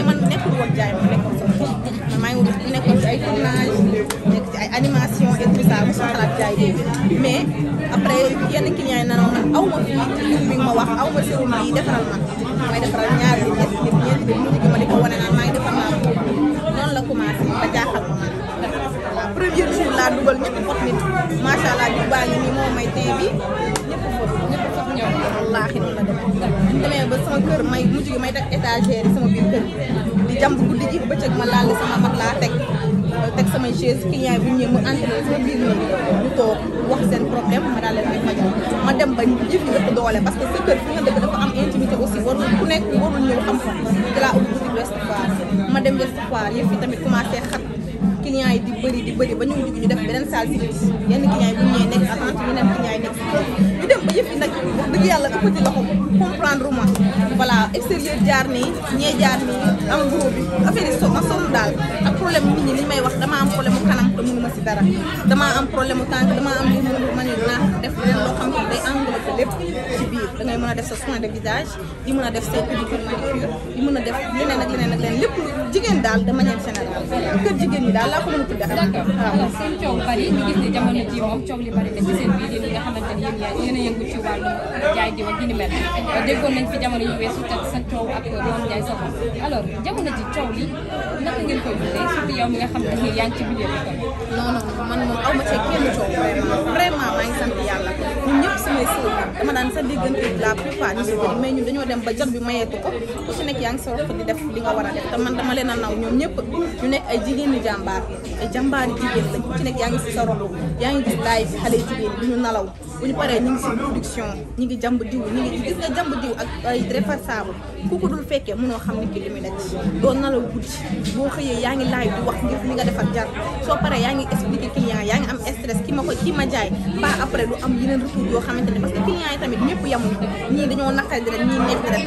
mais man nekkul woon jaay ma nekkoon sama xel man maa ngi wut nekkoon ci ay tournage nekk ci ay animation et tout ça bu soo xalaat jaay bi mais après yenn client yi na man aw ma fii li mi ma wax aw ma sëriñ bi defaral ma may defaral ñaari ñetti nit ñeenti nit mujj gi ma di ko wane naan maa ngi defar naa ko noonu la commencé ba jaaxal ma man la première jour laa dugal ñetti fot nit macha allah di baa ngi nii moo may tey bi ñoom wallaahi noonu la demee. bu ñu demee ba sama kër may mujj gi may teg étagère yi sama biir kër di jàmb guddi ji bëccëg ma laal sama mat laa teg teg samay chaise client bu ñëwee mu entraîné sama toog wax seen problème ma daal leen koy fajal ma dem ba jëf yi ëpp doole parce que sa kër fi nga dëkk dafa am intimité aussi warul ku nekk warul ñëw xam ko di laa ubbi boutique Ouest Foire ma dem Ouest Foire yëf yi tamit commencé xat. clients yi di bëri di bëri ba ñu mujj ñu def beneen salle si yenn clients yi bu ñu nekk attente yeneen nekk si ñu dem ba yëf nag wax yi so ma sonn daal ak problème nit lépp da ngay a def sa soin de visage di a def say a jigéen daal de manière générale kër jigéen ñi daal laa ko mën a tuddee. d'accord alors seen coow bari ñu gis ne jamono ji moom coow li bari na ci seen biir yi nga xamante ni yéen yéen a yëngu ci wàllu yi yu weesu tak sa coow ak moom jaay sa alors jamono nga xam ne yaa ngi ci milieu bi. non non man moom aw ma cee ngi sa diggante la plupart ñu sëy mais ñun dañoo dem ba bi mayeetu ko ku si nekk di def li nga war a te man dama leen a naw ñoom ñëpp ñu nekk ay jigéenu jàmbaar ay jàmbaari jigéen lañ ku ci nekk yaa ngi si sa rob yaa ngi gis live bi xale jigéen bi ñu nalaw bu ñu paree ñu ngi si production ñu ngi jàmb diw ñu ngi gis diw ak ay ku ko dul fekkee mënoo xam ne ki li muy nekk doo nalaw guddi boo xëyee yaa ngi live di wax ngir li nga defar jar soo paree yaa ngi expliqué client yaa ngi am stress ki ma ko ki ma jaay pas après lu am yeneen retour yoo xamante ne parce que client yi tamit ñëpp yamuñu ñii dañoo naqari dara ñii neex dara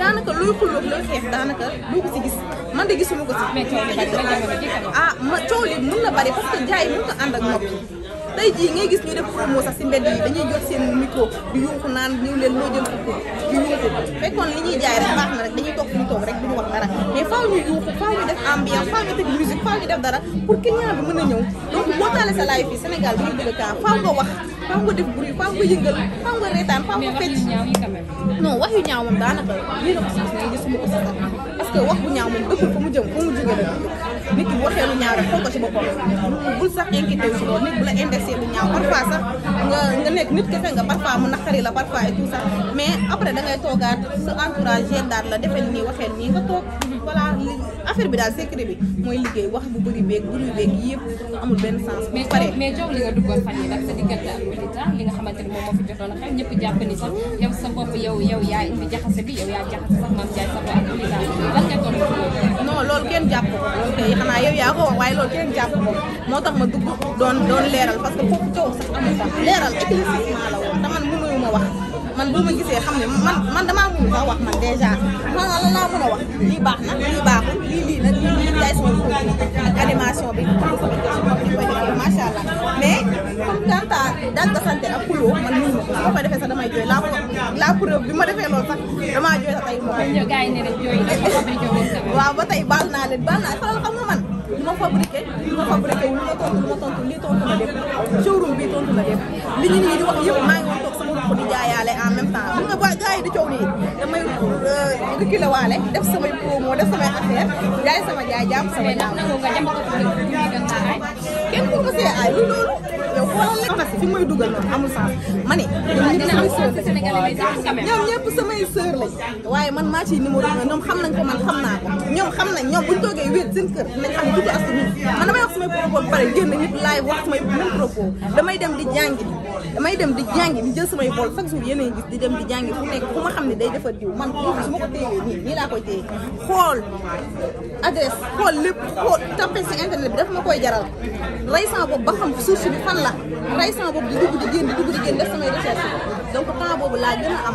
daanaka looy xulóog looy xeex daanaka doo ko si gis man de gisuma ko si. mais coow li bari ah ma coow li mun na bari parce jaay mun na ànd ak noppi. tey jii ngay gis ñu def promo sax si mbedd yi dañuy jot seen micro di yunku naan ñëw leen loo jël ko fekkoon li ñuy jaay rek baax na rek dañuy toog ñu toog rek duñu wax dara mais faaw ñu yunku faaw ñu def ambiance faaw ñu teg musique faaw ñu def dara pour client bi mën a ñëw donc boo taale sa live fii Sénégal a kaa faaw nga def bruit faaw nga yëngal faaw nga reetaan faaw nga fecc non wax yu ñaaw moom daanaka lii na ko sis na gisuma ko sax parce que wax bu ñaaw moom dëkkul fu mu jëm fu mu jógee nit ki bu waxee lu ñaaw rek ko ci boppam bul sax inquiété wu si nit bu la indexé lu ñaaw parfois sax nga nga nekk nit kese nga parfois mu naqari la parfois et tout ça mais après da ngay toogaat sa entourage yendaat la nga voilà affaire bi secret bi liggéey wax bu bëri amul benn sens bu mais jox li nga duggoon fan yi nag sa diggante ak milita li nga xamante ni moom fi jotoon xew ñëpp jàpp ni sax yow sa bopp yow yow indi jaxase bi yow jaxase sax jaay sa ak lan nga non kenn ko kay xanaa yow yaa ko wax waaye loolu kenn jàpp moo tax ma dugg doon doon leeral parce que foofu coow sax leeral éclaircissement la woon man boo ma gisee xam ne man laa mën a wax lii la ma jooy laa la preuve bi ma defee loolu sax damaa jooy sax tey moo waaw ba tey baal naa leen baal lu ma fabriqué lu ma fabriqué wu lu ma tontu lu ma tontu lii tontu la lépp showroom bi tontu la lépp li ñu nii di wax yëpp maa ngi woon toog sama ruq di jaayaale en même temps xam nga waa gars yi di coow nii damay reculé waale def samay promo def samay affaire jaay sama jaay jaam sama jaam. kenn ku ko see aay lu loolu yow xoolal fi may dugal noonu amul sens ma ne ñoom ñëpp samay sœur waaye man maa ciy numéro nga ñoom xam nañ ko man xam naa ko ñoom xam nañ ñoom buñ toogee wéet seen kër nañ xam dudu astu man damay wax samay propos pare génn di jàngi damay dem di jàngi di jël samay bool chaque jour yeneen a di dem di jàngi fu nekk fu xam ne day defar diw man su ma ko téyee nii nii laa koy téye xool adresse xool lépp xool tapé si internet bi daf ma koy jaral rey sama bopp ba xam source bi fan la rey sama bopp di dugg di génn di dugg di génn def samay recherche donc temps boobu laa gën a am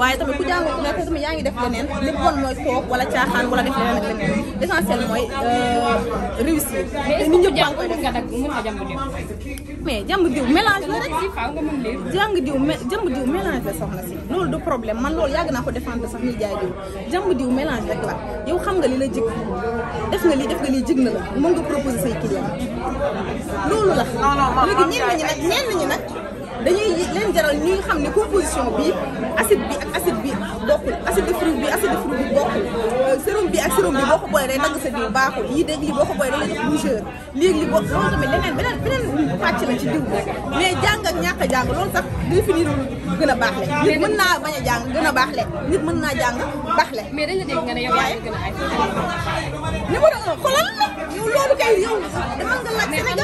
waaye tamit ku jàng ku nekk yaa ngi def leneen li bon mooy toog wala caaxaan wala def leneen ak leneen l'essentiel mooy euh, réussir. te nit ñëpp yaa ngi koy def mais jàmb diw mélange la rek jàng loolu du problème man loolu yàgg naa ko défendre sax ñuy jaay diw jàmb diw xam nga li la jig def nga lii def na la mën nga proposer say client loolu la léegi ñenn ñi nag ñenn ñi nag dañuy leen jaral ñuy xam ne composition bi acide bi ak acide bi bokkul acide de fruit bi acide de fruit bi bokkul euh, sérum bi ak sérum bi boo ko booyee day dagg sa biir baaxul lii dégg lii boo ko booyee da lay def rougeur léegi li bokk loolu tamit leneen beneen beneen pàcc la ci diw rek mais jàng ak ñàkk a jàng loolu sax définirul gën a baax le nit mën naa bañ a jàng gën a baax le nit mën naa jàng baax le mais dañ la dégg nga ne yow yaa gën a ay numéro un xoolal la yow loolu kay yow mën nga laaj Sénégal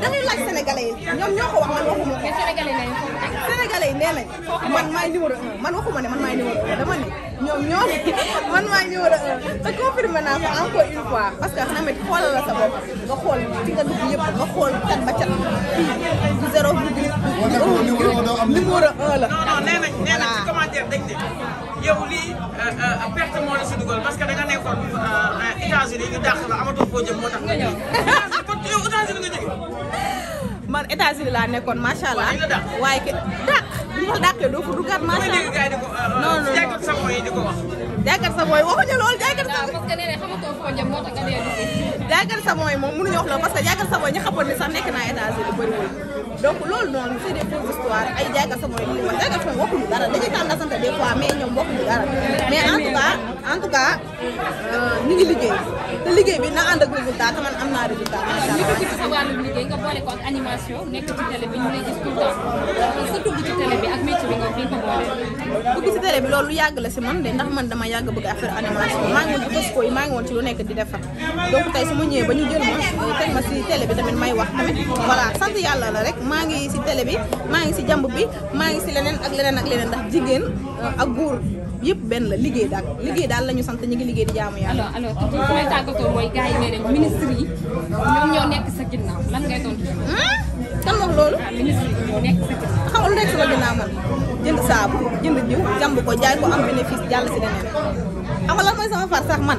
da ngay laaj sénégalais yi ñoom ñoo ko wax man waxuma ko sénégalais nañu foofu teg. sénégalais yi man maay numéro un man waxuma ne man maay numéro un dama ne ñoom ñoo man maay numéro un te confirmé naa ko encore une fois parce que Ameth xoolal la sa bopp nga xool ci nga dugg yëpp nga xool cat ba cat fii du la. non nee nañ nee nañ ci ah. dañ ne yow lii euh, euh, perte moo la si dugal parce que nga nekkoon euh, États-Unis ñu dàq la amatoo foo jëm moo tax nga ñëw. nga jógee. man états laa nekkoon macha allah waaye ke dàq ñu ko dàqee doo ko duggaat macha allah non non jaaykat sa mooy di ko wax. jaaykat sa mooy waxuñu loolu jaaykat sa. waaw parce que nee na xamatoo moom parce que jaaykat sa mooy donc loolu noonu c'est des fausses histoires ay jaaykat sama mooy lii wax jaaykat sama waxuñu dara dañuy tànn sant des fois mais ñoom waxuñu dara mais en tout cas en tout cas euh, ñu ngi liggéey te liggéey bi na ànd ak résultat te man am naa résultat. ñu dugg ci sa wàllum liggéey nga boole ko ak animation nekk ci télé bi ñu lay gis tout temps sa dugg ci télé bi ak métier bi nga fi ko boole. dugg ci télé bi loolu lu la si man de ndax man dama bëgg affaire animation ngi ngi ci lu di donc ba ñu jël ma ma télé bi tamit may wax tamit voilà la rek maa ci télé bi maa ci si bi maa ci lenen ak lenen ak lenen ndax jigen ak goor yep ben la liggéey dal liggéey dal lañu sante ñi ngi liggéey di jaamu yalla alors alors tuuti fi may tàggatoo mooy gars ministre yi ñom ñoo nekk sa ginnaw lan ngay don hmm? kan wax loolu. Ah, ministre yi ñoo nekk sa ginnaw xam nga lu nekk sama ginnaaw man jënd saabu jënd jiw jàmb ko jaay ko am bénéfice jàll ci lenen xam nga lan moy sama far sax man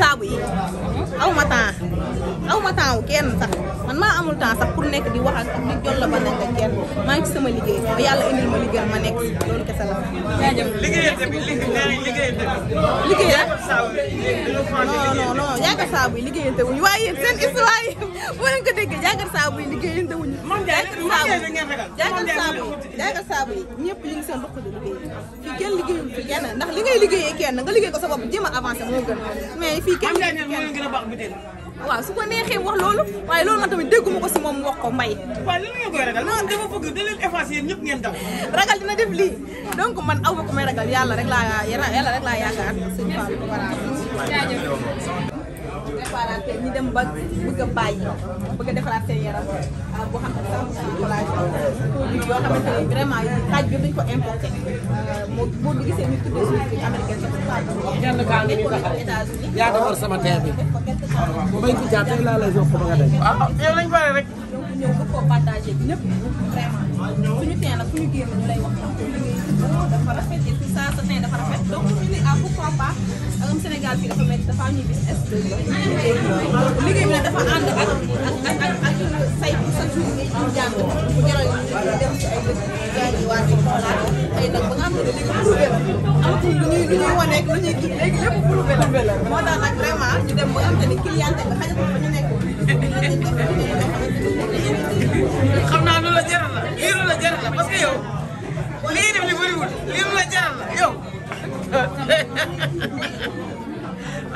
saabu yi uh-huh. aw mata temps aw ma temps sax. man maa amul temps sax pour nekk di wax nit jot la ba nekk ak kenn maa ngi sama liggéey ba yàlla indil ma liggéey ma nekk loolu kese la. jaajëf liggéeyal tamit liggéeyal tamit. liggéeyal non non non yaakaar saabu yi liggéeyante wuñu waaye yéen seen histoire yi boo leen ko déggee yaakaar saabu yi liggéeyante wuñu. yaakaar saabu yi yaakaar saabu ñëpp ñu ngi seen dox di liggéey fii kenn liggéeyul fi kenn ndax li ngay liggéeyee kenn nga liggéey ko sa bopp jéem a avancé moo gën mais fii kenn waaw su ko neexee wax loolu waaye loolu man tamit dégguma ko si moom wax ko mbay. waaw lan nga koy ragal non dama bëgg da leen effacer yéen ñëpp ngeen daw. ragal dina def lii donc man aw ma ko may ragal yàlla rek laa yàlla rek laa yaakaar ñi dem ba bëgg a bàyyi bëgg a defaraat seen yaram ah, boo xam ne sàmm collage produit yoo xamante ne vraiment taaj bi duñ ko importé euh, moo boo gisee ñu tuddee suñu sax. sama bi. bañ ko jaar tey laa lay jox ko ba nga denc. ah yow bare rek. donc ñëw bëgg koo suñu teen suñu génn lay wax donc liggéey dafa rafet et tout ça sa teen dafa rafet donc ñu ne ah pourquoi pas dafa métti dafa am ñuy bis liggéey bi dafa ànd ak ak ak ak saytu sa jour ngay ci jàng bu jaral ñu dem ci ay dëkk yi nag ba nga xam ne léegi prouvé la amatul lu ñuy lu ñuy wane lu ñuy kii léegi lépp prouvé la moo tax nag vraiment ñu dem ba am te ni client bi xajatul fa ñu nekkoon xam naa lu la jaral la lii lu la jaral la parce que yow lii def li bëriwul lii lu la jaral la yow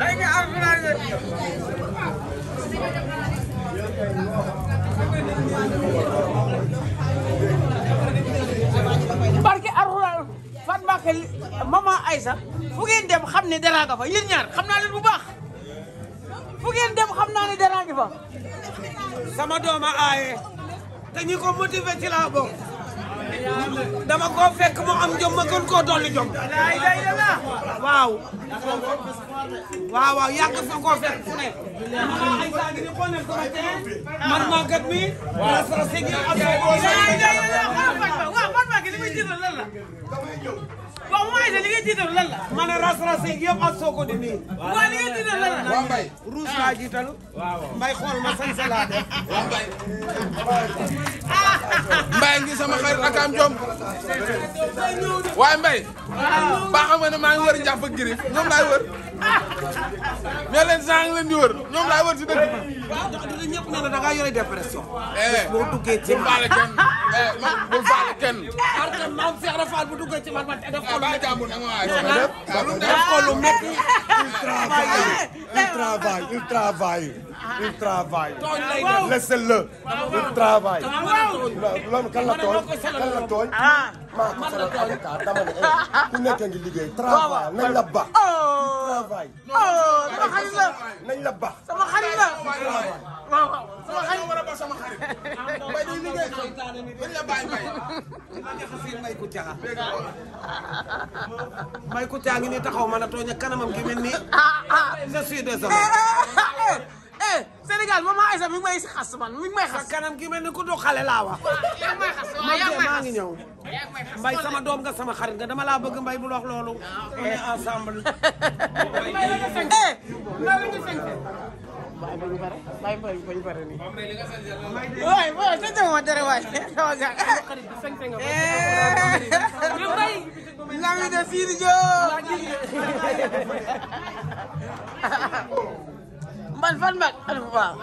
ay nga encouragé waa kër maman Aïssa fu dem xam ne dara nga fa yéen ñaar xam naa leen bu baax fu dem xam naa ne dara nga fa. sama dooma aaye te ñi ko motivé ci laa bokk dama koo fekk mu am jom koo dolli jom. waaw. waaw waaw yàgg fa koo fekk fu ne. man maa gët mi. waaw sa sëñ yi am na. waaw waaw waaw man maa ngi li muy jiital lan wa eh. kan. eh, ma je lige mana ras ras e yom ak soko de ni wa lige ti dor lalla wa mbay rous sama xarit ak am jom wa mbay ba xam di wër ñom lay wër ci dëkk bi ñepp na da nga yoré dépression bo duggé ci mbale kenn eh bu faale kenn ar kan mam fi rafal trabalho da mulher. O trabalho, o trabalho, o trabalho, o trabalho. Laissez-le, o trabalho. Loolu kan la tooñ kan la tooñ. maa ko faral avocat dama ne ku nekk ngi liggéey travail nañ la baax. travail. oh sama xarit la. nañ la baax. sama xarit la. travail. waaw waaw sama ba sama xarit. mbay ko bañ la bàyyi mbay. mbay ku caa. mbay ku caa ngi nii taxaw ma la tooñ kanamam gi mel nii. je suis Sénégal maman Aïssa mi ngi may xas kanam gi mel ni ku du xale laa wax. mbay sama doom nga sama xarit nga dama laa bëgg mbay bu wax loolu. ensemble. bàyyi ba ñu pare bàyyi ba ñu pare nii. waay waaw sa jëm ma tere waay. Lami de Sidi Diop. man fan mag Aliou waaw.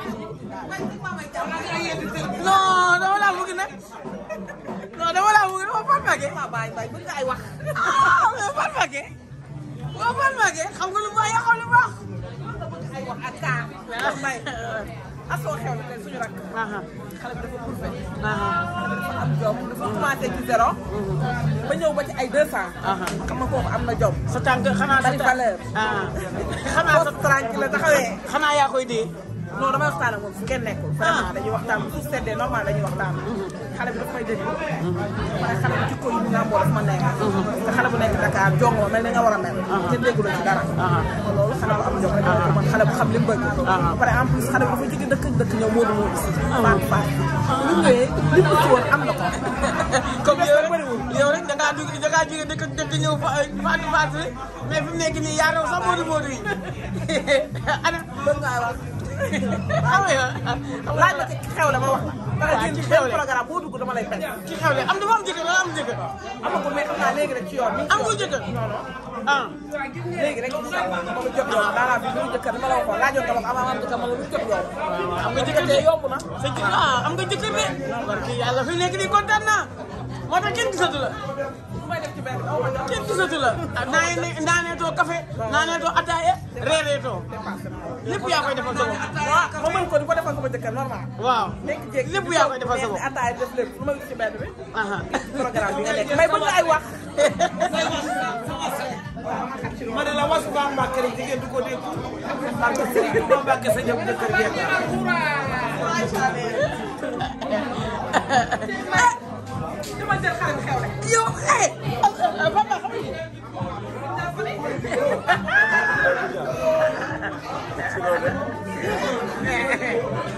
non dama laa bëgg nag. non dama laa bëgg dama fan magee. ah fan magee. waaw fan magee xam nga lu baax yaa xam lu baax. wax ak kaa. waaw mbay asoo xew na suñu rakk. xale am jom dafa commencé ci zéro. Mhm. ba ñëw ba ci ay deux cent. xam nga am na jom. sa tànk xanaa sa tànk valeur. xanaa sa tranquille la taxawee. xanaa yaa koy dee. non damay waxtaan ak moom fu kenn nekkul. vraiment dañuy waxtaan bu seddee normal dañuy waxtaan. ne mhm. xale bi mhm. jikko yi nga mboo daf ma nekk. te xale bu nekk Dakar jongoo mel ni nga war a mel. te déggu la xale bu xam li mu bëgg. Ah. ba pare en plus xale bu dafa jóge dëkk dëkk ñëw Modou Modou si. Fatou Fatou. bu ñëwee li mu ci woon am na ko. comme yow rek yow rek da ngaa jóge da ngaa jóge dëkk dëkk ñëw Fatou Fatou bi mais fi mu nekk nii yaa raw sax Modou Modou yi. ana bëgg ngaa wax. Ah, ah. laaj ma ci xew la ma wax la. waaw ci xewle programme boo dugg dama lay fekk. ci xewle am dafa am jëkkër am jëkkër. amagul mais xam naa léegi rek ci yoon bi. amul jëkkër ah. léegi rek incha allah ma ko jot yoon daanaka bi muy jëkkër dama la waxoon laajoon dama ko am am ah, jëkkër ma la jot am nga jëkkër de yomb na. sa ah, am nga jëkkër de. barke yàlla fi nekk nii kontaan naa moo kenn gisatu la naanee naaneetoo café naaneetoo ataaya reereetoo lépp yaa koy defal ma mën ko di ko defal sama jëkkër normal waaw lépp yaa koy defal sa bopp ataaya def lépp lu ma gis ci benn bi programme bi nga nekk may bu ñu ay wax ma ne la wasu ba Mbàkke rek jigéen du ko dégg parce que Serigne Touba Mbàkke sa jëm dëkkër jeex bu xew rek eh! Bisa, bisa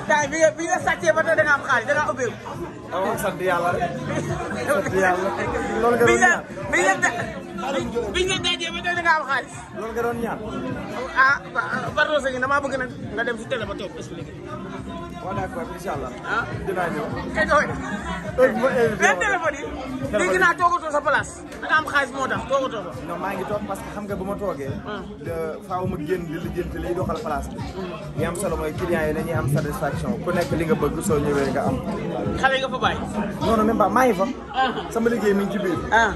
nga bi nga sàccee ba tey da nga am xaalis da nga Bisa, bisa, bisa yàlla rek sant yàlla. loolu ah pardon sëñ bi damaa bëgg nag nga dem si télé ba waaw d'accord incha allah. ah dinaa ñëw. nga ñëw leen téléphone yi. dégg naa toogatoo sa place. da nga am xaalis moo tax toogatoo ko. non maa ngi toog parce que xam nga bu ma toogee. Hmm. faaw ma génn di lijjanti liy doxal place bi. li am solo mooy client yi dañuy am satisfaction ku nekk li nga bëgg soo ñëwee nga am. xale nga fa bàyyi. non non même pas maa ngi fa. Ah. sama liggéey mi ngi ci biir. ah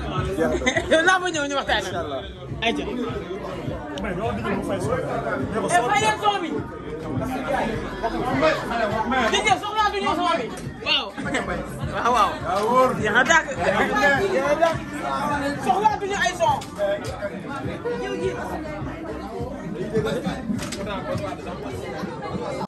yow naa ma ñëw ñu waxtaan ak. incha allah ayca. mais Dijjëf soxlaa ay son.